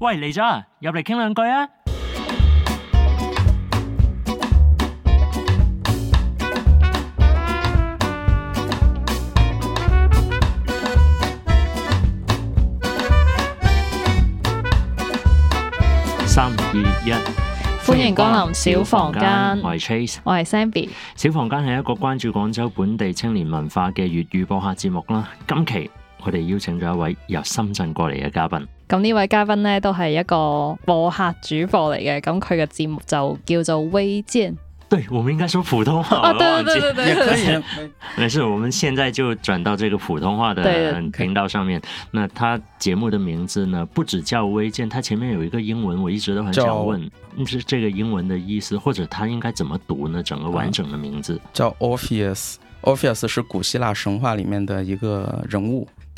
喂，嚟咗入嚟傾兩句啊！三二一，歡迎光臨小房間。我係 Chase，我係 s a m b y 小房間係一個關注廣州本地青年文化嘅粵語播客節目啦。今期佢哋邀請咗一位由深圳過嚟嘅嘉賓。咁呢位嘉賓呢，都係一個播客主播嚟嘅，咁佢嘅節目就叫做《微見》。對我們應該說普通話咯、啊。對對對，也可以， 可以沒事。我們現在就轉到這個普通話的頻道上面。那他節目的名字呢，不止叫微見《微見》，它前面有一個英文，我一直都很想問，就是叫 這個英文的意思，或者它應該怎麼讀呢？整個完整的名字叫 Orpheus。Orpheus 是古希臘神話裏面的一個人物。